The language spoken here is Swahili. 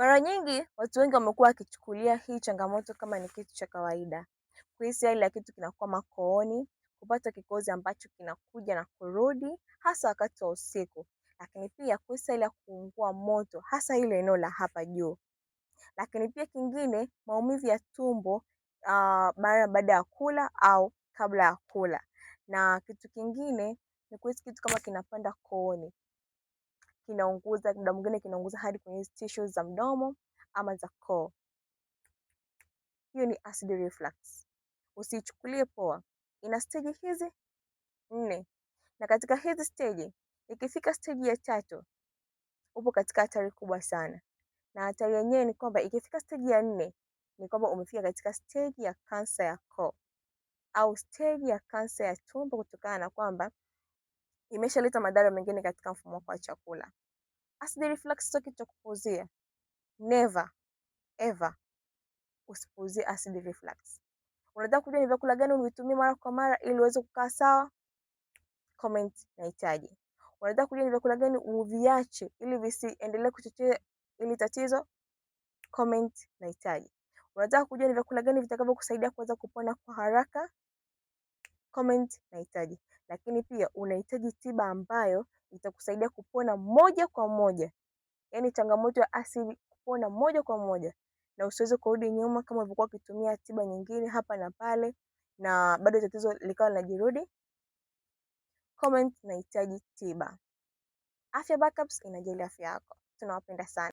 Mara nyingi watu wengi wamekuwa wakichukulia hii changamoto kama ni kitu cha kawaida. Kuhisi hali ya kitu kinakuwa makooni, kupata kikozi ambacho kinakuja na kurudi, hasa wakati wa usiku. Lakini pia kuhisi hali ya kuungua moto, hasa ile eneo la hapa juu. Lakini pia kingine, maumivu ya tumbo ah, mara baada ya kula au kabla ya kula. Na kitu kingine ni kuhisi kitu kama kinapanda kooni kinaunguza, muda mwingine kinaunguza hadi kwenye tissues za mdomo ama za koo. Hiyo ni acid reflux, usiichukulie poa. Ina stage hizi nne, na katika hizi stage, ikifika stage ya tatu, upo katika hatari kubwa sana, na hatari yenyewe ni kwamba ikifika stage ya nne ni kwamba umefika katika stage ya kansa ya koo au stage ya kansa ya tumbo, kutokana na kwamba imeshaleta madhara mengine katika mfumo wako wa chakula. Acid reflux sio kitu cha kupuuzia. Never ever usipuuzie acid reflux. Unataka kujua ni vyakula gani uvitumie mara kwa mara ili uweze kukaa sawa? Comment nahitaji. Unataka kujua ni vyakula gani uviache ili visiendelee kuchochea ili tatizo? Comment nahitaji. Unataka kujua ni vyakula gani vitakavyokusaidia kuweza kupona kwa haraka? comment nahitaji. Lakini pia unahitaji tiba ambayo itakusaidia kupona moja kwa moja, yaani changamoto ya asili kupona moja kwa moja, na usiweze kurudi nyuma kama ulivyokuwa ukitumia tiba nyingine hapa na pale na bado tatizo likawa linajirudi. Comment nahitaji tiba. Afya Backups inajali afya yako, tunawapenda sana.